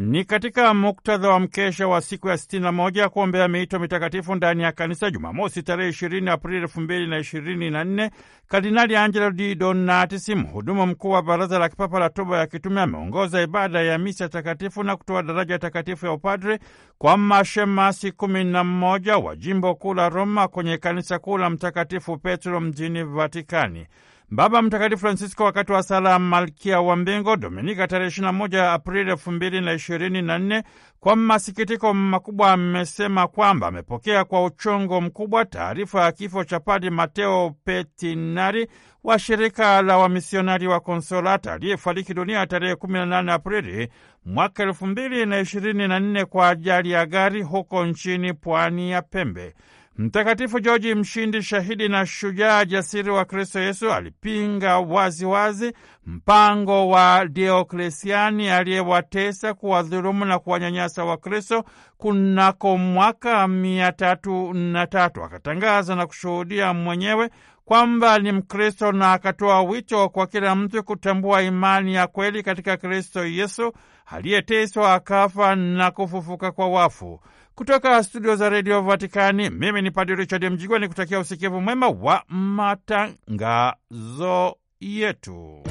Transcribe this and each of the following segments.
Ni katika muktadha wa mkesha wa siku ya 61 ya kuombea miito mitakatifu ndani ya kanisa, Jumamosi tarehe 20 Aprili 2024, Kardinali Angelo Di Donatis, mhudumu mkuu wa Baraza la Kipapa la Toba ya Kitume, ameongoza ibada ya misa takatifu na kutoa daraja takatifu ya upadre kwa mashemasi 11 wa jimbo kuu la Roma kwenye kanisa kuu la Mtakatifu Petro mjini Vatikani. Baba Mtakatifu Francisco wakati wa sala Malkia wa Mbingo, Dominika tarehe 21 Aprili 2024 kwa masikitiko makubwa amesema kwamba amepokea kwa uchongo mkubwa taarifa ya kifo cha Padi Mateo Petinari wa shirika la wamisionari wa Konsolata aliyefariki dunia tarehe 18 Aprili mwaka 2024 kwa ajali ya gari huko nchini pwani ya Pembe. Mtakatifu Joji mshindi shahidi na shujaa jasiri wa Kristo Yesu, alipinga waziwazi wazi mpango wa Dioklesiani aliyewatesa, kuwadhulumu na kuwanyanyasa Wakristo kunako mwaka mia tatu na tatu. Akatangaza na kushuhudia mwenyewe kwamba ni Mkristo na akatoa wito kwa kila mtu kutambua imani ya kweli katika Kristo Yesu aliyeteswa akafa na kufufuka kwa wafu. Kutoka studio za redio Vatikani, mimi ni Padre Richard Mjigwa ni kutakia usikivu mwema wa matangazo yetu.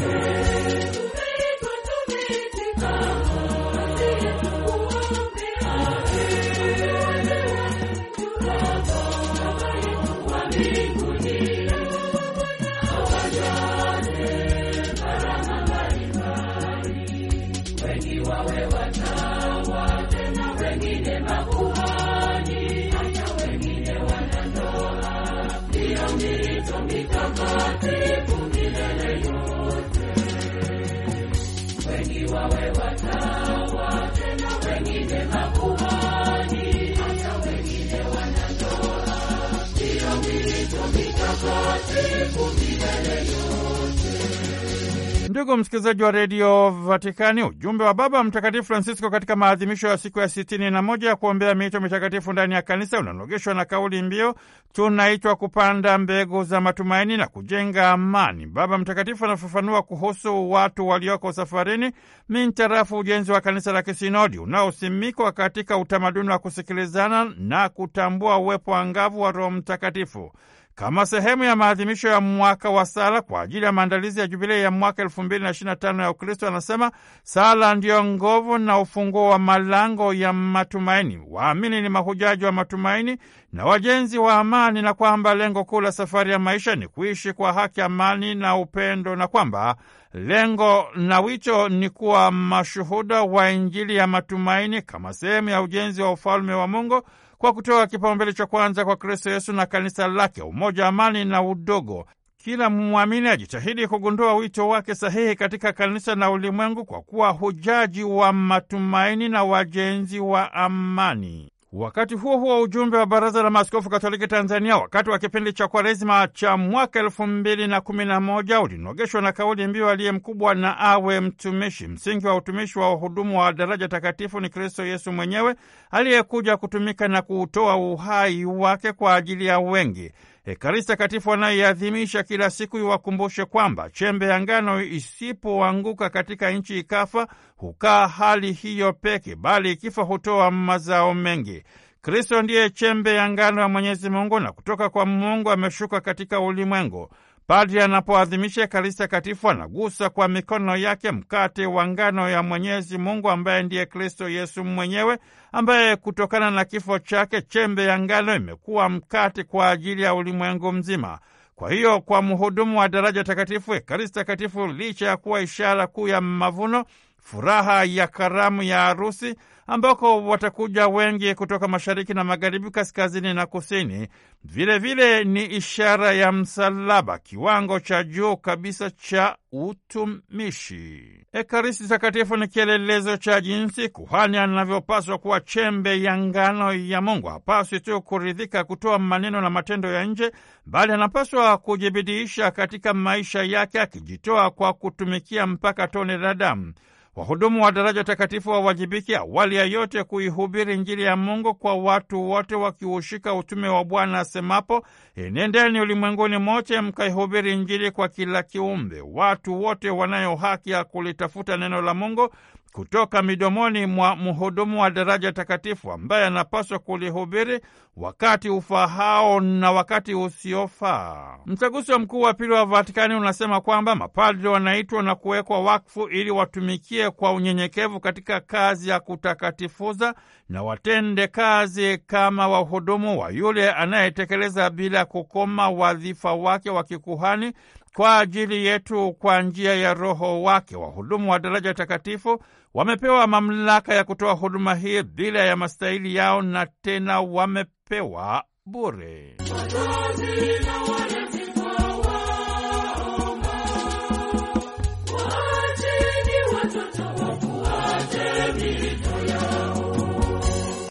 Ndugu msikilizaji wa redio Vatikani, ujumbe wa Baba Mtakatifu Francisco katika maadhimisho ya siku ya sitini na moja ya kuombea miito mitakatifu ndani ya kanisa unanogeshwa na kauli mbiu tunaitwa kupanda mbegu za matumaini na kujenga amani. Baba Mtakatifu anafafanua kuhusu watu walioko safarini mintarafu ujenzi wa kanisa la kisinodi unaosimikwa katika utamaduni wa kusikilizana na kutambua uwepo angavu wa Roho Mtakatifu kama sehemu ya maadhimisho ya mwaka wa sala kwa ajili ya maandalizi ya jubilei ya mwaka elfu mbili na tano ya Ukristo, anasema sala ndiyo nguvu na ufunguo wa malango ya matumaini. Waamini ni mahujaji wa matumaini na wajenzi wa amani, na kwamba lengo kuu la safari ya maisha ni kuishi kwa haki, amani na upendo, na kwamba lengo na wicho ni kuwa mashuhuda wa Injili ya matumaini kama sehemu ya ujenzi wa ufalme wa Mungu kwa kutoa kipaumbele cha kwanza kwa Kristo Yesu na kanisa lake, umoja, amani na udogo. Kila mwamini ajitahidi kugundua wito wake sahihi katika kanisa na ulimwengu, kwa kuwa hujaji wa matumaini na wajenzi wa amani. Wakati huo huo, ujumbe wa Baraza la Maaskofu Katoliki Tanzania wakati wa kipindi cha Kwaresima cha mwaka elfu mbili na kumi na moja ulinogeshwa na kauli mbiu aliye mkubwa na awe mtumishi. Msingi wa utumishi wa wahudumu wa daraja takatifu ni Kristo Yesu mwenyewe aliyekuja kutumika na kuutoa uhai wake kwa ajili ya wengi. Ekaristi Takatifu anayoiadhimisha kila siku iwakumbushe kwamba chembe ya ngano isipoanguka katika nchi ikafa, hukaa hali hiyo peke, bali ikifa hutoa mazao mengi. Kristo ndiye chembe ya ngano ya Mwenyezi Mungu, na kutoka kwa Mungu ameshuka katika ulimwengu. Padri anapoadhimisha Ekaristi Takatifu anagusa kwa mikono yake mkate wa ngano ya Mwenyezi Mungu ambaye ndiye Kristo Yesu mwenyewe, ambaye kutokana na kifo chake chembe ya ngano imekuwa mkate kwa ajili ya ulimwengu mzima. Kwa hiyo kwa mhudumu wa daraja takatifu, Ekaristi Takatifu licha ya kuwa ishara kuu ya mavuno, furaha ya karamu ya harusi ambako watakuja wengi kutoka mashariki na magharibi, kaskazini na kusini. Vilevile vile ni ishara ya msalaba, kiwango cha juu kabisa cha utumishi. Ekaristi Takatifu ni kielelezo cha jinsi kuhani anavyopaswa kuwa chembe ya ngano ya Mungu. Hapaswi tu kuridhika kutoa maneno na matendo ya nje, bali anapaswa kujibidiisha katika maisha yake, akijitoa kwa kutumikia mpaka tone la damu. Wahudumu wa daraja takatifu wawajibike awali ya yote kuihubiri Injili ya Mungu kwa watu wote, wakiushika utume wa Bwana asemapo, enendeni ulimwenguni mote mkaihubiri Injili kwa kila kiumbe. Watu wote wanayo haki ya kulitafuta neno la Mungu kutoka midomoni mwa mhudumu wa daraja takatifu ambaye anapaswa kulihubiri wakati ufahao na wakati usiofaa. Mtaguso mkuu wa pili wa Vatikani unasema kwamba mapadri wanaitwa na kuwekwa wakfu ili watumikie kwa unyenyekevu katika kazi ya kutakatifuza na watende kazi kama wahudumu wa yule anayetekeleza bila kukoma wadhifa wake wa kikuhani kwa ajili yetu kwa njia ya Roho wake. Wahudumu wa daraja takatifu wamepewa mamlaka ya kutoa huduma hii bila ya mastahili yao na tena wamepewa bure.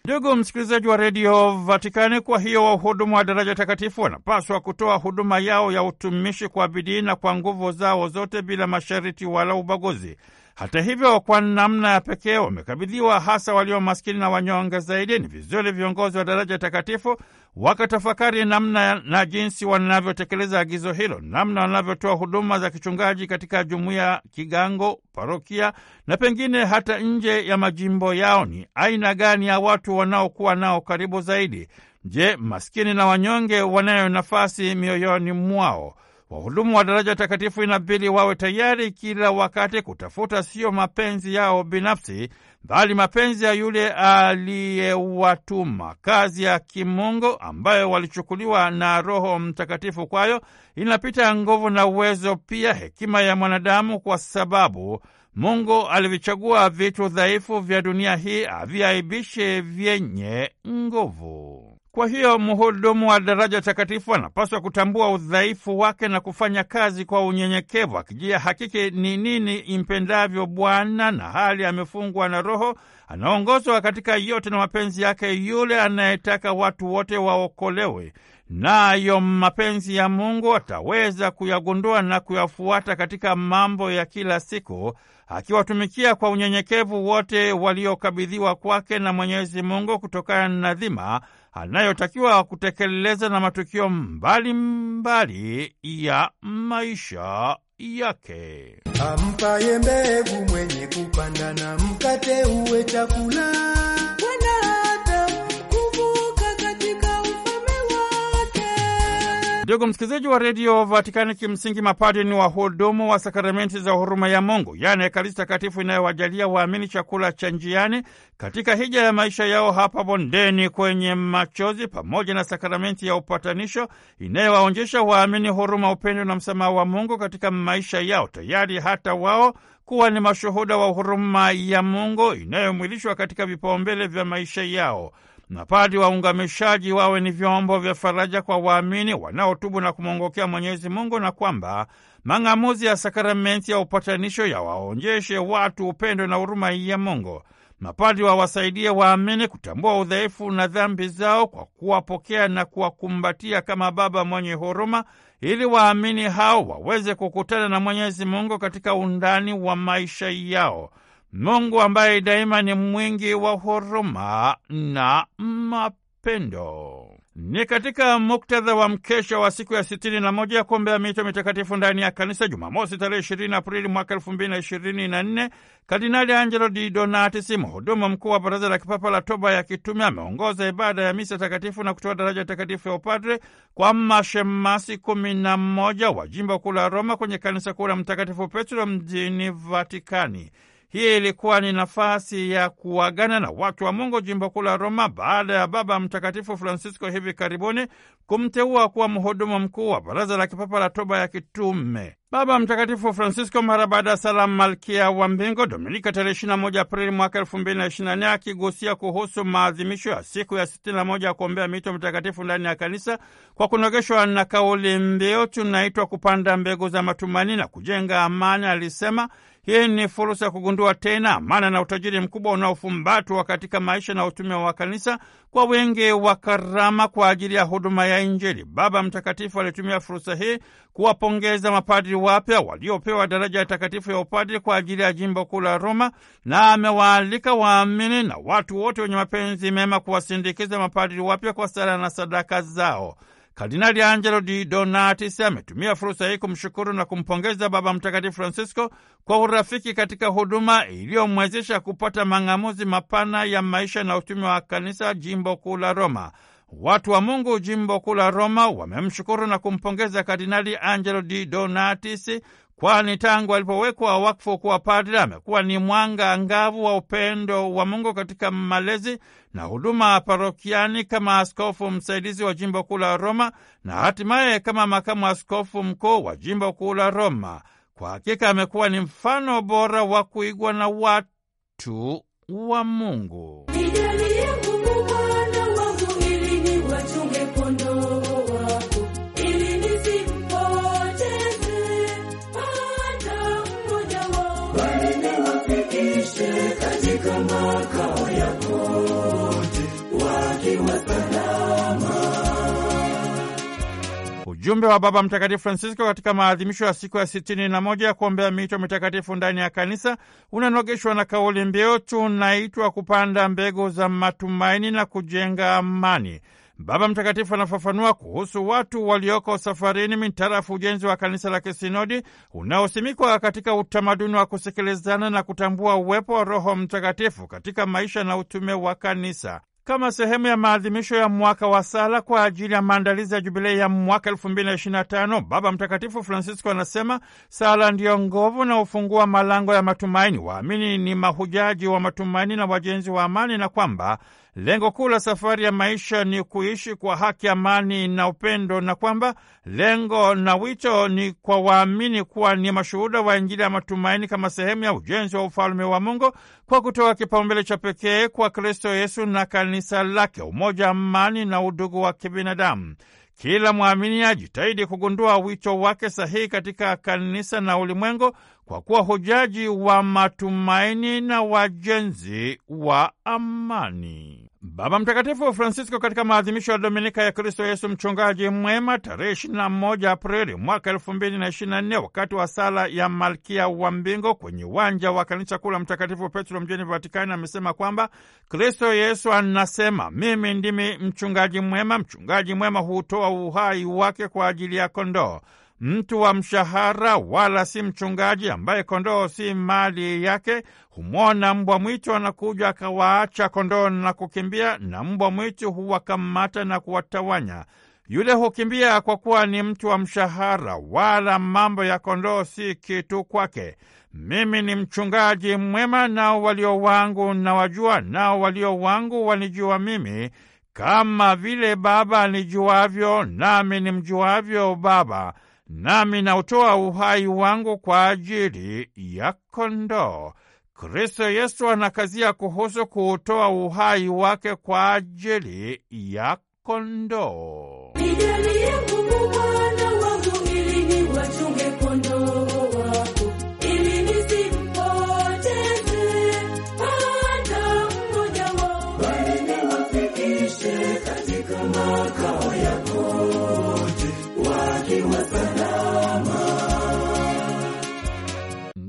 Ndugu msikilizaji wa redio Vatikani, kwa hiyo wahudumu wa daraja takatifu wanapaswa kutoa huduma yao ya utumishi kwa bidii na kwa nguvu zao zote bila masharti wala ubaguzi. Hata hivyo, kwa namna ya pekee wamekabidhiwa hasa walio maskini na wanyonge zaidi. Ni vizuri viongozi wa daraja takatifu wakatafakari namna na jinsi wanavyotekeleza agizo hilo, namna wanavyotoa huduma za kichungaji katika jumuiya, kigango, parokia na pengine hata nje ya majimbo yao. Ni aina gani ya watu wanaokuwa nao karibu zaidi? Je, maskini na wanyonge wanayo nafasi mioyoni mwao? Wahudumu wa daraja takatifu inabidi wawe tayari kila wakati kutafuta siyo mapenzi yao binafsi, bali mapenzi ya yule aliyewatuma. Kazi ya kimungu ambayo walichukuliwa na Roho Mtakatifu kwayo inapita nguvu na uwezo, pia hekima ya mwanadamu, kwa sababu Mungu alivichagua vitu dhaifu vya dunia hii aviaibishe vyenye nguvu. Kwa hiyo mhudumu wa daraja takatifu anapaswa kutambua udhaifu wake na kufanya kazi kwa unyenyekevu, akijia hakiki ni nini impendavyo Bwana, na hali amefungwa na Roho, anaongozwa katika yote na mapenzi yake, yule anayetaka watu wote waokolewe nayo mapenzi ya Mungu ataweza kuyagundua na kuyafuata katika mambo ya kila siku, akiwatumikia kwa unyenyekevu wote waliokabidhiwa kwake na Mwenyezi Mungu kutokana na dhima anayotakiwa kutekeleza na matukio mbalimbali mbali ya maisha yake. Ampaye mbegu mwenye kupanda na mkate uwe chakula Ndugu msikilizaji wa redio Vatikani, kimsingi mapadri ni wahudumu wa sakramenti za huruma ya Mungu, yaani Ekaristi Takatifu inayowajalia waamini chakula cha njiani katika hija ya maisha yao hapa bondeni kwenye machozi, pamoja na sakramenti ya upatanisho inayowaonjesha waamini huruma, upendo na msamaha wa Mungu katika maisha yao, tayari hata wao kuwa ni mashuhuda wa huruma ya Mungu inayomwilishwa katika vipaumbele vya maisha yao. Mapadri waungamishaji wawe ni vyombo vya faraja kwa waamini wanaotubu na kumwongokea Mwenyezi Mungu, na kwamba mang'amuzi ya sakramenti ya upatanisho yawaonjeshe watu upendo na huruma ya Mungu. mapadi wawasaidie waamini kutambua udhaifu na dhambi zao kwa kuwapokea na kuwakumbatia kama baba mwenye huruma, ili waamini hao waweze kukutana na Mwenyezi Mungu katika undani wa maisha yao. Mungu ambaye daima ni mwingi wa huruma na mapendo. Ni katika muktadha wa mkesha wa siku ya sitini na moja ya kuombea mito mitakatifu ndani ya kanisa, Jumamosi tarehe ishirini Aprili mwaka elfu mbili na ishirini na nne, Kardinali Angelo Di Donatis, mhudumu mkuu wa Baraza la Kipapa la Toba ya Kitume, ameongoza ibada ya misa takatifu na kutoa daraja takatifu ya upadre kwa mashemasi kumi na moja wa jimbo kuu la Roma kwenye kanisa kuu la Mtakatifu Petro mjini Vatikani. Hii ilikuwa ni nafasi ya kuagana na watu wa Mungu jimbo kuu la Roma baada ya Baba Mtakatifu Francisco hivi karibuni kumteua kuwa mhudumu mkuu wa Baraza la Kipapa la Toba ya Kitume. Baba Mtakatifu Francisco, mara baada ya salamu Malkia wa Mbingo Dominika tarehe 21 Aprili mwaka 2024, akigusia kuhusu maadhimisho ya siku ya 61 ya kuombea mito mtakatifu ndani ya Kanisa, kwa kunogeshwa na kauli mbiu tunaitwa kupanda mbegu za matumaini na kujenga amani, alisema hii ni fursa ya kugundua tena maana na utajiri mkubwa unaofumbatwa katika maisha na utume wa kanisa kwa wengi wa karama kwa ajili ya huduma ya Injili. Baba Mtakatifu alitumia fursa hii kuwapongeza mapadri wapya waliopewa daraja ya takatifu ya upadri kwa ajili ya jimbo kuu la Roma, na amewaalika waamini na watu wote wenye mapenzi mema kuwasindikiza mapadri wapya kwa sala na sadaka zao. Kardinali Angelo Di Donatis ametumia fursa hii kumshukuru na kumpongeza Baba Mtakatifu Francisco kwa urafiki katika huduma iliyomwezesha kupata mang'amuzi mapana ya maisha na utumi wa kanisa jimbo kuu la Roma. Watu wa Mungu jimbo kuu la Roma wamemshukuru na kumpongeza Kardinali Angelo Di Donatis kwani tangu alipowekwa wakfu kuwa padre amekuwa ni mwanga angavu wa upendo wa Mungu katika malezi na huduma parokiani kama askofu msaidizi wa jimbo kuu la Roma na hatimaye kama makamu askofu mkuu wa jimbo kuu la Roma. Kwa hakika amekuwa ni mfano bora wa kuigwa na watu wa Mungu. Ujumbe wa Baba Mtakatifu Francisco katika maadhimisho ya siku ya sitini na moja ya kuombea miito mitakatifu ndani ya kanisa unanogeshwa na kauli mbiu tunaitwa kupanda mbegu za matumaini na kujenga amani. Baba Mtakatifu anafafanua kuhusu watu walioko safarini mintarafu ujenzi wa kanisa la kisinodi unaosimikwa katika utamaduni wa kusikilizana na kutambua uwepo wa Roho Mtakatifu katika maisha na utume wa kanisa kama sehemu ya maadhimisho ya mwaka wa sala kwa ajili ya maandalizi ya jubilei ya mwaka 2025, Baba Mtakatifu Francisco anasema sala ndiyo nguvu na ufungua malango ya matumaini. Waamini ni mahujaji wa matumaini na wajenzi wa amani, na kwamba lengo kuu la safari ya maisha ni kuishi kwa haki, amani na upendo, na kwamba lengo na wito ni kwa waamini kuwa ni mashuhuda wa Injili ya matumaini kama sehemu ya ujenzi wa ufalme wa Mungu kwa kutoa kipaumbele cha pekee kwa Kristo Yesu na kanisa lake, umoja, amani na udugu wa kibinadamu. Kila mwamini ajitahidi kugundua wito wake sahihi katika kanisa na ulimwengu, kwa kuwa hujaji wa matumaini na wajenzi wa amani. Baba Mtakatifu Francisco katika maadhimisho ya Dominika ya Kristo Yesu mchungaji mwema tarehe 21 Aprili mwaka 2024 wakati wa sala ya Malkia wa mbingo kwenye uwanja wa kanisa kuu la Mtakatifu Petro mjini Vatikani amesema kwamba Kristo Yesu anasema, mimi ndimi mchungaji mwema, mchungaji mwema hutoa uhai wake kwa ajili ya kondoo mtu wa mshahara wala si mchungaji, ambaye kondoo si mali yake. Humwona mbwa mwitu anakuja, akawaacha kondoo na kukimbia, na mbwa mwitu huwakamata na kuwatawanya. Yule hukimbia kwa kuwa ni mtu wa mshahara, wala mambo ya kondoo si kitu kwake. Mimi ni mchungaji mwema, nao walio wangu nawajua, nao walio wangu wanijua mimi, kama vile Baba nijuavyo nami nimjuavyo Baba nami nautoa uhai wangu kwa ajili ya kondoo. Kristo Yesu anakazia kuhusu kuutoa uhai wake kwa ajili ya kondoo.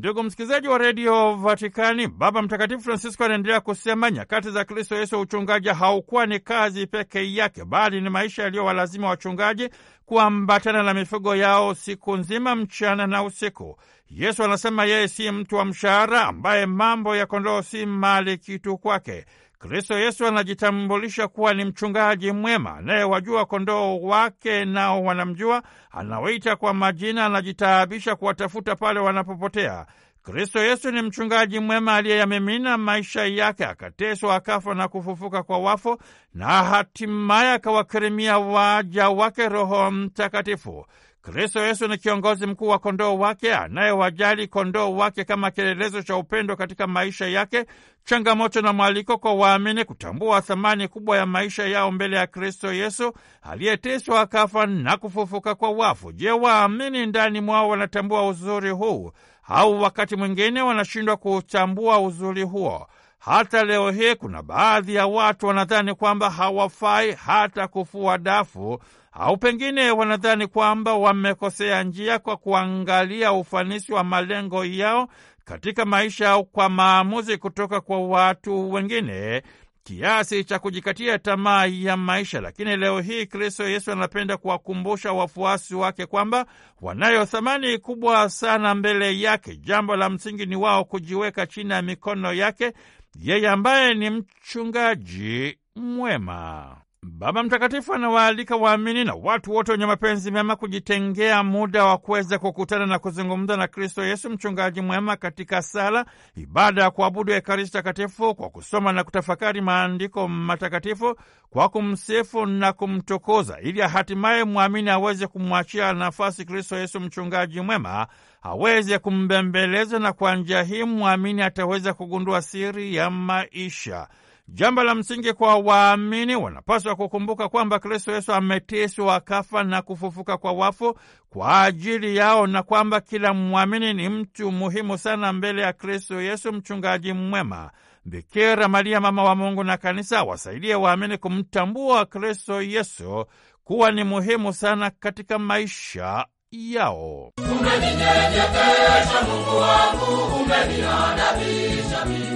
Ndugu msikilizaji wa redio Vatikani, Baba Mtakatifu Francisco anaendelea kusema nyakati za Kristo Yesu uchungaji haukuwa ni kazi peke yake, bali ni maisha yaliyowalazima wachungaji kuambatana na mifugo yao siku nzima, mchana na usiku. Yesu anasema yeye si mtu wa mshahara, ambaye mambo ya kondoo si mali kitu kwake. Kristo Yesu anajitambulisha kuwa ni mchungaji mwema anayewajua kondoo wake nao wanamjua, anawaita kwa majina, anajitaabisha kuwatafuta pale wanapopotea. Kristo Yesu ni mchungaji mwema aliyeyamimina maisha yake, akateswa, akafa na kufufuka kwa wafu, na hatimaye akawakirimia waja wake Roho Mtakatifu. Kristo Yesu ni kiongozi mkuu wa kondoo wake anayewajali kondoo wake kama kielelezo cha upendo katika maisha yake, changamoto na mwaliko kwa waamini kutambua thamani kubwa ya maisha yao mbele ya Kristo Yesu aliyeteswa akafa na kufufuka kwa wafu. Je, waamini ndani mwao wanatambua uzuri huu au wakati mwingine wanashindwa kutambua uzuri huo? Hata leo hii kuna baadhi ya watu wanadhani kwamba hawafai hata kufua dafu au pengine wanadhani kwamba wamekosea njia kwa kuangalia ufanisi wa malengo yao katika maisha au kwa maamuzi kutoka kwa watu wengine kiasi cha kujikatia tamaa ya maisha. Lakini leo hii Kristo Yesu anapenda kuwakumbusha wafuasi wake kwamba wanayo thamani kubwa sana mbele yake. Jambo la msingi ni wao kujiweka chini ya mikono yake, yeye ambaye ni mchungaji mwema. Baba Mtakatifu anawaalika waamini na watu wote wenye mapenzi mema kujitengea muda wa kuweza kukutana na kuzungumza na Kristo Yesu, mchungaji mwema, katika sala, ibada ya kuabudu Ekaristi Takatifu, kwa kusoma na kutafakari maandiko matakatifu, kwa kumsifu na kumtukuza, ili hatimaye mwamini aweze kumwachia nafasi Kristo Yesu, mchungaji mwema, aweze kumbembeleza, na kwa njia hii mwamini ataweza kugundua siri ya maisha. Jambo la msingi kwa waamini, wanapaswa kukumbuka kwamba Kristo Yesu ameteswa, kafa na kufufuka kwa wafu kwa ajili yao na kwamba kila mwamini ni mtu muhimu sana mbele ya Kristo Yesu, mchungaji mwema. Bikira Maria, mama wa Mungu na Kanisa, wasaidie waamini kumtambua Kristo Yesu kuwa ni muhimu sana katika maisha yao. Umeninyeketesha Mungu wangu, umeniadabisha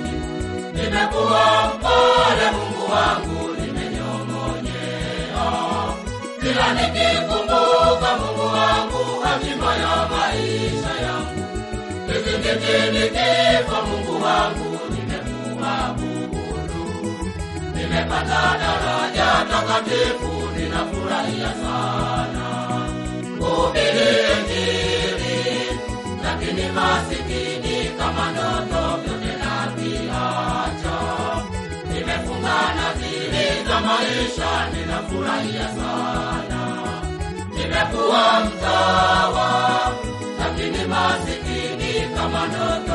nimekuwa mpole, Mungu wangu, nimenyong'onyea kila nikikumbuka, Mungu wangu, hatima ya maisha yangu, kizingiti nikifa, Mungu wangu, nimekuabudu, nimepata daraja takatifu, ninafurahia sana kuhubiri Injili, lakini masikini maisha ninafurahia sana, nimekuwa mtawa lakini masikini kama ndoto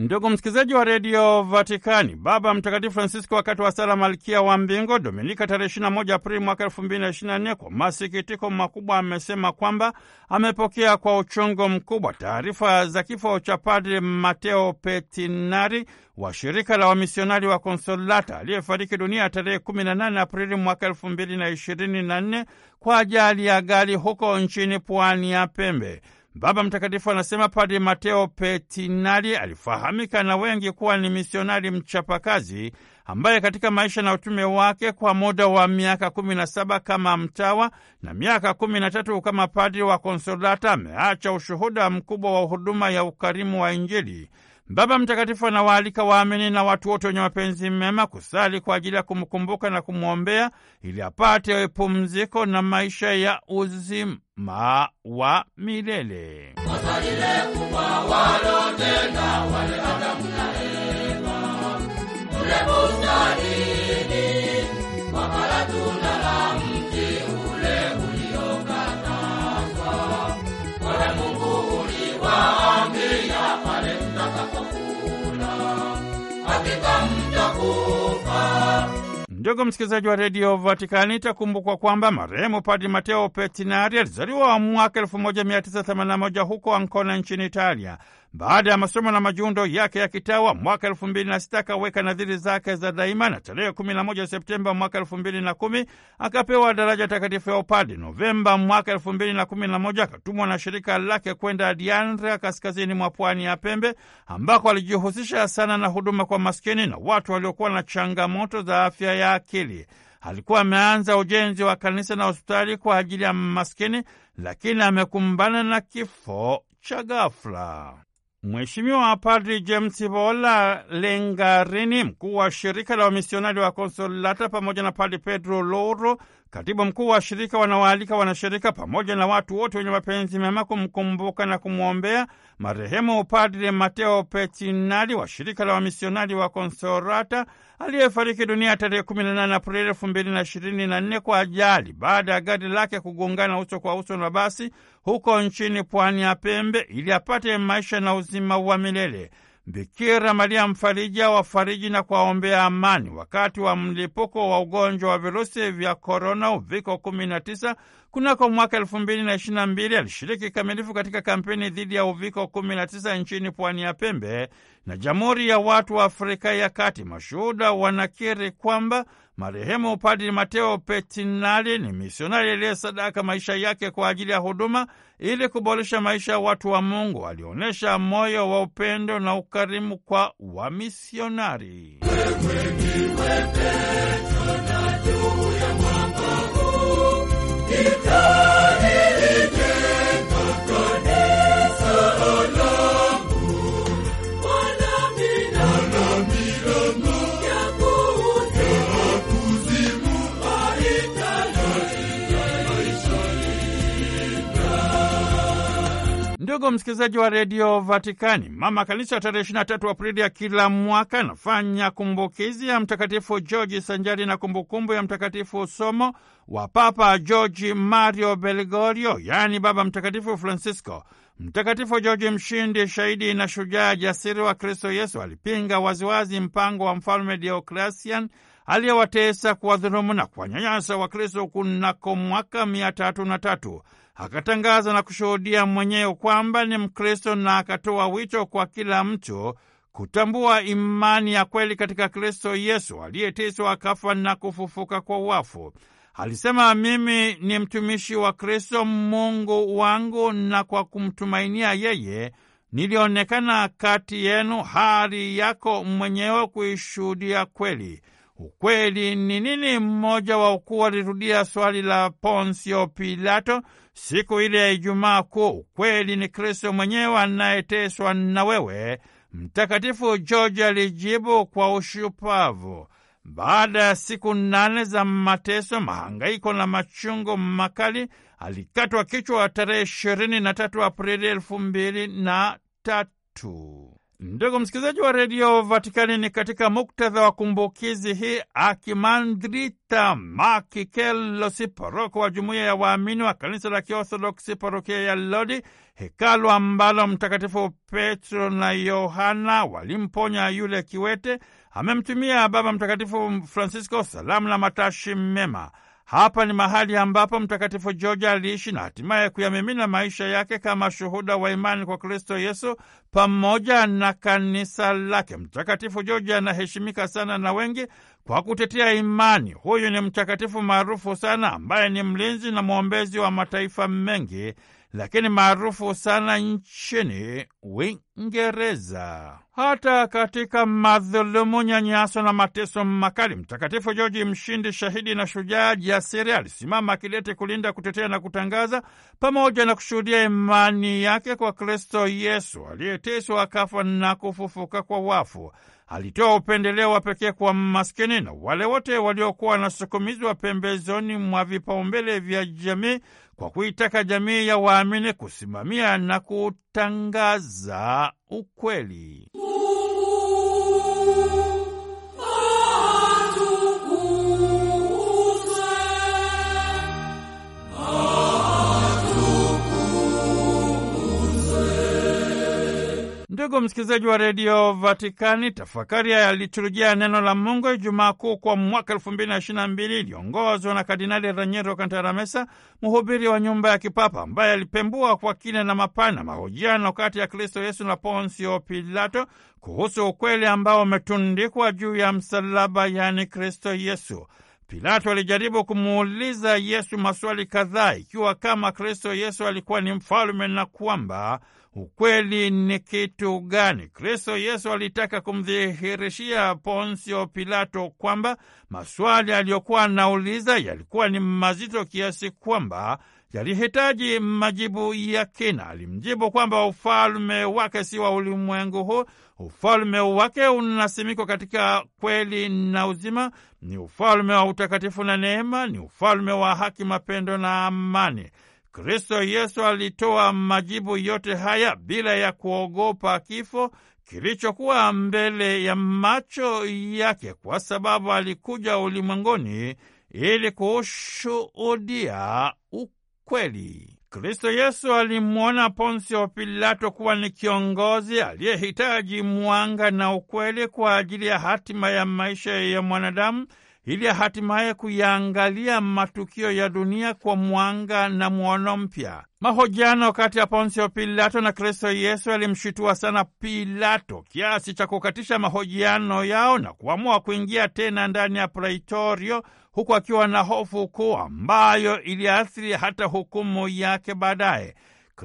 Ndugu msikilizaji wa redio Vatikani, Baba Mtakatifu Francisco wakati wa sala Malkia wa mbingo Dominika tarehe 21 Aprili mwaka 2024 kwa masikitiko makubwa amesema kwamba amepokea kwa uchungu mkubwa taarifa za kifo cha Padre Mateo Petinari wa shirika la wamisionari wa Konsolata aliyefariki dunia tarehe 18 Aprili mwaka 2024 kwa ajali ya gari huko nchini pwani ya Pembe. Baba Mtakatifu anasema padri Mateo Petinari alifahamika na wengi kuwa ni misionari mchapakazi ambaye katika maisha na utume wake kwa muda wa miaka kumi na saba kama mtawa na miaka kumi na tatu kama padri wa Konsolata ameacha ushuhuda mkubwa wa huduma ya ukarimu wa Injili. Baba Mtakatifu anawaalika waamini na watu wote wenye mapenzi mema kusali kwa ajili ya kumkumbuka na kumwombea ili apate pumziko na maisha ya uzima wa milele. Ndugu msikilizaji wa redio Vatikani, itakumbukwa kwamba marehemu Padri Mateo Petinari alizaliwa mwaka 1981 huko Ancona nchini Italia. Baada ya masomo na majundo yake ya kitawa mwaka elfu mbili na sita akaweka nadhiri zake za daima, na tarehe kumi na moja Septemba mwaka elfu mbili na kumi akapewa daraja takatifu ya upadi. Novemba mwaka elfu mbili na kumi na moja akatumwa na shirika lake kwenda Diandra, kaskazini mwa pwani ya Pembe, ambako alijihusisha sana na huduma kwa maskini na watu waliokuwa na changamoto za afya ya akili. Alikuwa ameanza ujenzi wa kanisa na hospitali kwa ajili ya maskini, lakini amekumbana na kifo cha ghafla. Mheshimiwa Padri James Vola Lengarini, mkuu wa shirika la wamisionari wa Konsolata, pamoja na Padri Pedro Loro, katibu mkuu wa shirika, wanawaalika wanashirika pamoja na watu wote wenye mapenzi mema kumkumbuka na kumwombea marehemu Padre Mateo Petinari wa shirika la wamisionari wa Konsolata aliyefariki dunia tarehe 18 Aprili 2024 kwa ajali baada ya gari lake kugongana uso kwa uso na basi huko nchini pwani ya pembe ili apate maisha na uzima wa milele. Bikira Maria mfariji awafariji na kuwaombea amani. Wakati wa mlipuko wa ugonjwa wa virusi vya korona uviko 19 kunako mwaka 2022 alishiriki kikamilifu katika kampeni dhidi ya uviko 19 nchini pwani ya pembe na Jamhuri ya Watu wa Afrika ya Kati. Mashuhuda wanakiri kwamba Marehemu Padri Mateo Petinari ni misionari aliyesadaka maisha yake kwa ajili ya huduma ili kuboresha maisha ya watu wa Mungu. Alionyesha moyo wa upendo na ukarimu kwa wamisionari. Ndugu msikilizaji wa redio Vatikani, mama kanisa tarehe 23 Aprili ya kila mwaka anafanya kumbukizi ya mtakatifu Georgi sanjari na kumbukumbu ya mtakatifu somo wa Papa Georgi Mario belgorio yaani Baba Mtakatifu Francisco. Mtakatifu Georgi, mshindi shahidi na shujaa jasiri wa Kristo Yesu, alipinga waziwazi mpango wa mfalme Dioclesian aliyewatesa kuwadhulumu na kuwanyanyasa Wakristo kunako mwaka mia tatu na tatu. Akatangaza na kushuhudia mwenyewe kwamba ni Mkristo na akatoa wicho kwa kila mtu kutambua imani ya kweli katika Kristo Yesu aliyeteswa akafa na kufufuka kwa wafu. Alisema, mimi ni mtumishi wa Kristo Mungu wangu, na kwa kumtumainia yeye nilionekana kati yenu, hali yako mwenyewe kuishuhudia kweli. Ukweli ni nini? Mmoja wa ukuu alirudia swali la Ponsio Pilato siku ile ya Ijumaa Kuu. Ukweli ni Kristo mwenyewe anayeteswa na wewe, Mtakatifu George alijibu kwa ushupavu. Baada ya siku nane za mateso, mahangaiko na machungo makali, alikatwa kichwa tarehe 23 Aprili elfu mbili na tatu. Ndugu msikilizaji wa redio Vatikani, ni katika muktadha wa kumbukizi hii Akimandrita Makikelosi, paroko wa jumuiya ya waamini wa kanisa la Kiorthodoksi parokia ya Lodi, hekalu ambalo Mtakatifu Petro na Yohana walimponya yule kiwete, amemtumia Baba Mtakatifu Francisco salamu na matashi mema. Hapa ni mahali ambapo Mtakatifu George aliishi na hatimaye kuyamimina maisha yake kama shuhuda wa imani kwa Kristo Yesu pamoja na kanisa lake. Mtakatifu George anaheshimika sana na wengi kwa kutetea imani. Huyu ni mtakatifu maarufu sana ambaye ni mlinzi na mwombezi wa mataifa mengi, lakini maarufu sana nchini Uingereza hata katika madhulumu, nyanyaso na mateso makali. Mtakatifu joji mshindi, shahidi na shujaa jasiri, alisimama kidete kulinda, kutetea na kutangaza pamoja na kushuhudia imani yake kwa Kristo Yesu aliyeteswa, akafa na kufufuka kwa wafu alitoa upendeleo wa pekee kwa maskini na wale wote waliokuwa wanasukumizwa pembezoni mwa vipaumbele vya jamii kwa kuitaka jamii ya waamini kusimamia na kutangaza ukweli. Ndugu msikilizaji wa redio Vatikani, tafakari ya liturujia neno la Mungu Ijumaa Kuu kwa mwaka elfu mbili na ishirini na mbili iliongozwa na Kardinali Raniero Kantaramesa, mhubiri wa nyumba ya Kipapa, ambaye alipembua kwa kina na mapana mahojiano kati ya Kristo Yesu na Ponsio Pilato kuhusu ukweli ambao umetundikwa juu ya msalaba, yaani Kristo Yesu. Pilato alijaribu kumuuliza Yesu maswali kadhaa, ikiwa kama Kristo Yesu alikuwa ni mfalume na kwamba Ukweli ni kitu gani? Kristo Yesu alitaka kumdhihirishia Ponsio Pilato kwamba maswali aliyokuwa anauliza yalikuwa ni mazito kiasi kwamba yalihitaji majibu ya kina. Alimjibu kwamba ufalme wake si wa ulimwengu huu. Ufalme wake unasimikwa katika kweli na uzima. Ni ufalme wa utakatifu na neema, ni ufalme wa haki, mapendo na amani. Kristo Yesu alitoa majibu yote haya bila ya kuogopa kifo kilichokuwa mbele ya macho yake, kwa sababu alikuja ulimwenguni ili kushuhudia ukweli. Kristo Yesu alimwona Ponsio Pilato kuwa ni kiongozi aliyehitaji mwanga na ukweli kwa ajili ya hatima ya maisha ya mwanadamu ili hatimaye kuyaangalia matukio ya dunia kwa mwanga na mwono mpya. mahojiano kati ya Ponsio Pilato na Kristo Yesu yalimshitua sana Pilato kiasi cha kukatisha mahojiano yao na kuamua kuingia tena ndani ya praitorio, huku akiwa na hofu kuu ambayo iliathiri hata hukumu yake baadaye.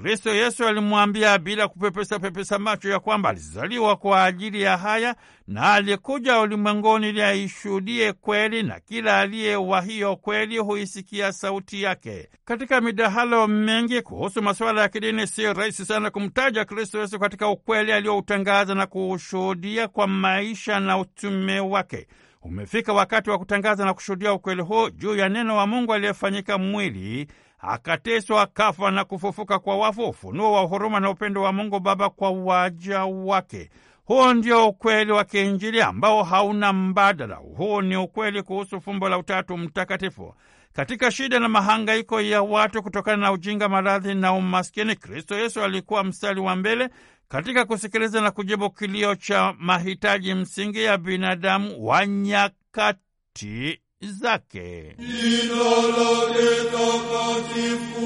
Kristo Yesu alimwambia bila kupepesa pepesa macho ya kwamba alizaliwa kwa ajili ya haya na alikuja ulimwenguni ili aishuhudie kweli, na kila aliye wa hiyo kweli huisikia sauti yake. Katika midahalo mengi kuhusu masuala ya kidini, si rahisi sana kumtaja Kristo Yesu katika ukweli aliyoutangaza na kuushuhudia kwa maisha na utume wake. Umefika wakati wa kutangaza na kushuhudia ukweli huu juu ya neno wa Mungu aliyefanyika mwili akateswa, kafa na kufufuka kwa wafu, ufunuo wa huruma na upendo wa Mungu Baba kwa waja wake. Huu ndio ukweli wa kiinjili ambao hauna mbadala. Huu ni ukweli kuhusu fumbo la Utatu Mtakatifu. Katika shida na mahangaiko ya watu kutokana na ujinga, maradhi na umaskini, Kristo Yesu alikuwa mstari wa mbele katika kusikiliza na kujibu kilio cha mahitaji msingi ya binadamu wa nyakati zake. Jina lake takatifu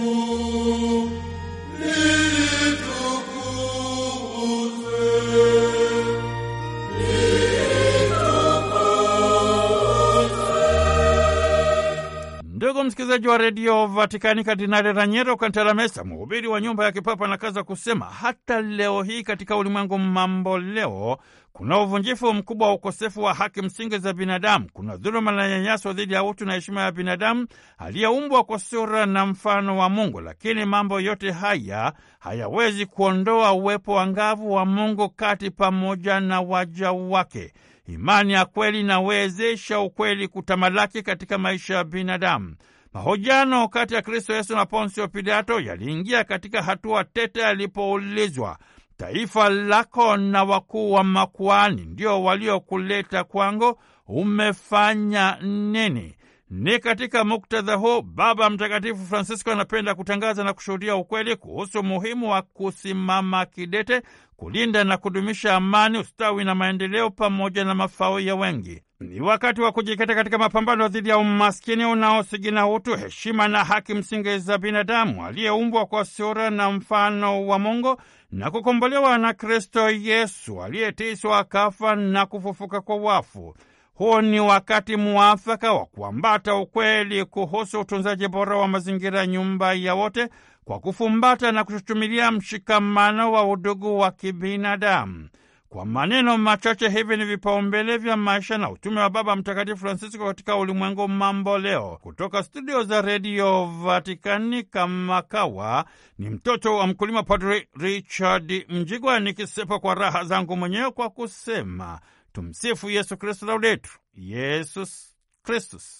Ndugu msikilizaji wa redio Vatikani, Kardinali ranyero Kantalamesa, mhubiri wa nyumba ya kipapa, anakaza kusema hata leo hii katika ulimwengu mambo leo kuna uvunjifu mkubwa wa ukosefu wa haki msingi za binadamu. Kuna dhuluma na nyanyaso dhidi ya utu na heshima ya binadamu aliyeumbwa kwa sura na mfano wa Mungu, lakini mambo yote haya hayawezi kuondoa uwepo wa ngavu wa Mungu kati pamoja na waja wake. Imani ya kweli inawezesha ukweli kutamalaki katika maisha ya binadamu. Mahojano kati ya Kristo Yesu na Ponsio Pilato yaliingia katika hatua tete yalipoulizwa, taifa lako na wakuu wa makuani ndio waliokuleta kwangu, umefanya nini? Ni katika muktadha huu Baba Mtakatifu Francisco anapenda kutangaza na kushuhudia ukweli kuhusu umuhimu wa kusimama kidete, kulinda na kudumisha amani, ustawi na maendeleo pamoja na mafao ya wengi. Ni wakati wa kujikita katika mapambano dhidi ya umaskini unaosigina utu, heshima na haki msingi za binadamu aliyeumbwa kwa sura na mfano wa Mungu na kukombolewa na Kristo Yesu aliyetiswa kafa na kufufuka kwa wafu. Huu ni wakati muafaka wa kuambata ukweli kuhusu utunzaji bora wa mazingira, nyumba ya wote, kwa kufumbata na kuchuchumilia mshikamano wa udugu wa kibinadamu. Kwa maneno machache, hivi ni vipaumbele vya maisha na utume wa Baba Mtakatifu Francisco katika ulimwengu mambo leo. Kutoka studio za redio Vatikani, kama kawa ni mtoto wa mkulima, Padri Richard Mjigwa, nikisepa kwa raha zangu mwenyewe kwa kusema Jesus Yesu Kristu, lauletu Yesus Kristus.